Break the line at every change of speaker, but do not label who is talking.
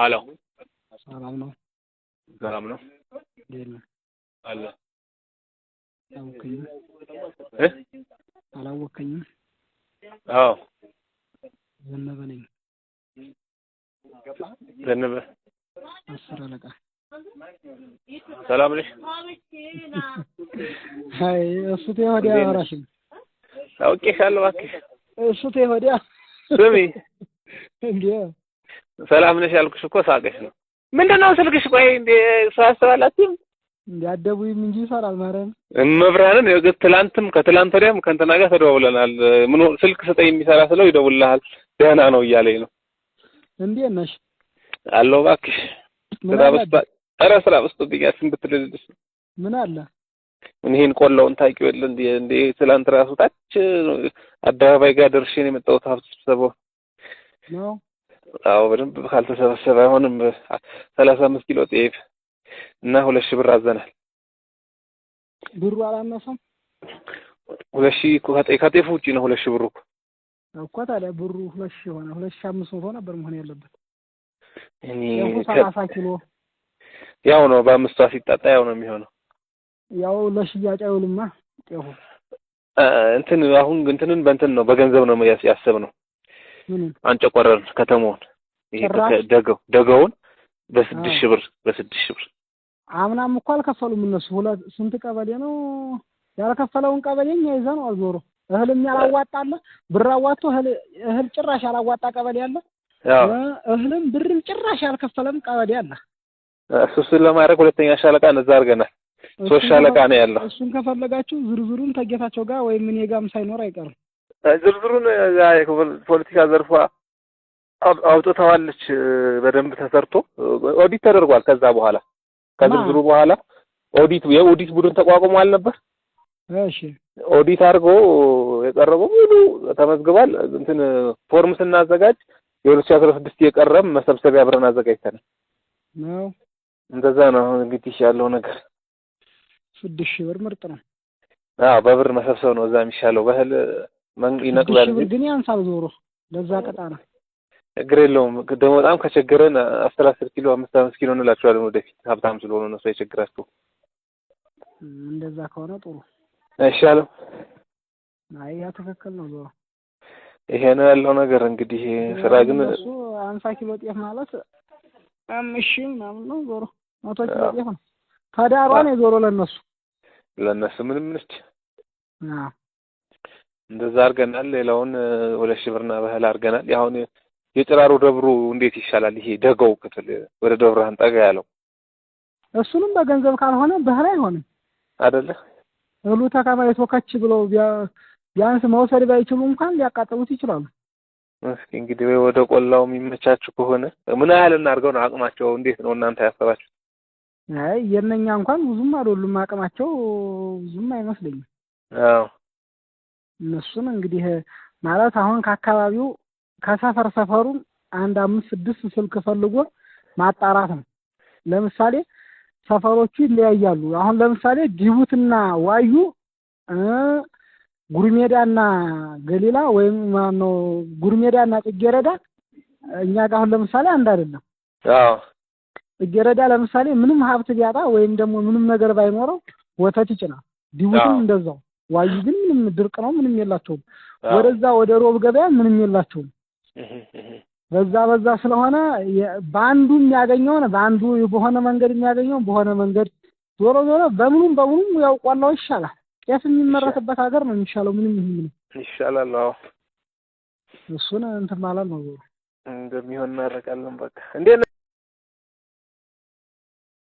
አሎ ሰላም ነው። ሰላም ነው። አለ እ አዎ ዘነበ ነኝ። ዘነበ አስር አለቃ ሰላም ነሽ?
አይ እሱ ተይ ወዲያ አወራሽም።
አውቄሻለሁ እባክሽ።
እሱ ተይ ወዲያ ስሚ እንዴ
ሰላም ነሽ ያልኩሽ እኮ ሳቀሽ ነው። ምንድነው ስልክሽ? ቆይ እንዴ
ሰው ያስተባላችሁ እንዲያደቡይም እንጂ ይፈራል ማረን
መብራንን ትላንትም ከትላንት ወዲያም ከእንትና ጋር ተደዋውለናል። ምን ስልክ ስጠኝ የሚሰራ ስለው ይደውልልሃል
ደህና ነው እያለኝ ነው። እንዴት ነሽ አለው። እባክሽ ስራ በስታ
ኧረ ስራ በስቶብኛል ብትልልሽ ምን አለ ምን ይሄን ቆላውን ታውቂው እንዴ እንዴ ትላንት ራሱ ታች አደባባይ ጋር ደርሼ ነው የመጣሁት ሀብት ስብሰባው ነው አዎ በደንብ ካልተሰበሰበ አይሆንም። ሰላሳ አምስት ኪሎ ጤፍ
እና ሁለት ሺህ ብር አዘናል። ብሩ አላነሰም?
ሁለት ሺህ እኮ ከጤፍ ውጪ ነው። ሁለት ሺህ
ብሩ እኮ እኮ ታዲያ ብሩ ሁለት ሺህ ሆነ። ሁለት ሺህ አምስት መቶ ነበር መሆን ያለበት።
ሰላሳ ኪሎ ያው ነው በአምስቷ ሲጣጣ ያው ነው የሚሆነው።
ያው ለሽያጭ አይውልማ ጤፉ
እንትን አሁን እንትንን በእንትን ነው በገንዘብ ነው ያሰብ ነው አንጨቆረርን ከተማውን ደገው ደገውን
በስድስት ሺህ ብር በስድስት ሺህ ብር አምናም እኮ አልከፈሉም እነሱ። ሁለት ስንት ቀበሌ ነው ያልከፈለውን ቀበሌ እኛ ይዘን አልዞሮ እህልም ያላዋጣለ ብር አዋጥቶ እህል ጭራሽ ያላዋጣ ቀበሌ አለ።
እህልም ብርም ጭራሽ ያልከፈለም ቀበሌ አለ። እሱን ለማድረግ ሁለተኛ ሻለቃ እነዛ አድርገናል።
ሶስት ሻለቃ ነው ያለው። እሱን ከፈለጋችሁ ዝርዝሩን ተጌታቸው ጋር ወይም እኔ ጋርም ሳይኖር አይቀርም።
ዝርዝሩን ፖለቲካ ዘርፏ አውጥተዋለች። በደንብ ተሰርቶ ኦዲት ተደርጓል። ከዛ በኋላ
ከዝርዝሩ በኋላ
ኦዲት የኦዲት ቡድን ተቋቁሟል ነበር። እሺ ኦዲት አድርጎ የቀረበው ሙሉ ተመዝግቧል። እንትን ፎርም ስናዘጋጅ የ2016 የቀረም መሰብሰቢያ አብረን አዘጋጅተናል። ነው እንደዛ ነው እንግዲህ ያለው ነገር።
ስድስት ሺህ ብር ምርጥ ነው።
አዎ በብር መሰብሰብ ነው እዛ የሚሻለው በህል
ይነቅላል ግን ያንሳል ዞሮ ለዛ
የለውም። ደግሞ በጣም ከቸገረን አስር አስር ኪሎ
አምስት አምስት ኪሎ እንላችኋለን ወደፊት ሀብታም ስለሆኑ እነሱ እንደዛ ከሆነ ጥሩ አይሻልም?
አይ ያ ትክክል ነው። ዞሮ ይሄ ነው ያለው ነገር። እንግዲህ ስራ ግን እሱ
አምሳ ኪሎ ጤፍ ማለት አምሺ ምናምን ነው ዞሮ መቶ ኪሎ ጤፍ ነው። ለነሱ
ለነሱ ምንም ምንስች እንደዛ አድርገናል። ሌላውን ሁለት ሽብርና ባህል አድርገናል። ያሁን የጭራሮ ደብሩ እንዴት ይሻላል? ይሄ ደጋው
ክፍል ወደ ደብረ ብርሃን ጠጋ ያለው እሱንም በገንዘብ ካልሆነ ባህል አይሆንም አይደለ? እህሉ ተከማይቶ ከች ብለው ቢያንስ መውሰድ ባይችሉ እንኳን ሊያቃጥሉት ይችላሉ።
እስኪ እንግዲህ ወይ ወደ ቆላው የሚመቻችሁ ከሆነ
ምን ያህል እናድርገው ነው? አቅማቸው እንዴት ነው እናንተ ያሰባችሁ? አይ የነኛ እንኳን ብዙም አይደሉም። አቅማቸው ብዙም አይመስለኝም። አዎ እነሱም እንግዲህ ማለት አሁን ከአካባቢው ከሰፈር ሰፈሩ አንድ አምስት ስድስት ስልክ ፈልጎ ማጣራት ነው። ለምሳሌ ሰፈሮቹ ይለያያሉ። አሁን ለምሳሌ ጅቡትና ዋዩ፣ ጉርሜዳና ገሊላ ወይም ማነው ጉርሜዳና ጽጌረዳ እኛ ጋር አሁን ለምሳሌ አንድ አይደለም። አዎ ጽጌረዳ ለምሳሌ ምንም ሀብት ቢያጣ ወይም ደግሞ ምንም ነገር ባይኖረው ወተት ይጭናል። ዲቡትም እንደዛው ዋይ ግን ምንም ድርቅ ነው፣ ምንም የላቸውም። ወደዛ ወደ ሮብ ገበያ ምንም የላቸውም። በዛ በዛ ስለሆነ በአንዱ የሚያገኘውን በአንዱ በሆነ መንገድ የሚያገኘው በሆነ መንገድ ዞሮ ዞሮ በምኑም በምኑም ያው ቆላው ይሻላል። ጤፍ የሚመረትበት ሀገር ነው የሚሻለው። ምንም ይህም
ነው ይሻላል። አዎ
እሱን እንትን ማለት ነው
እንደሚሆን እናደርጋለን። በቃ እንዴ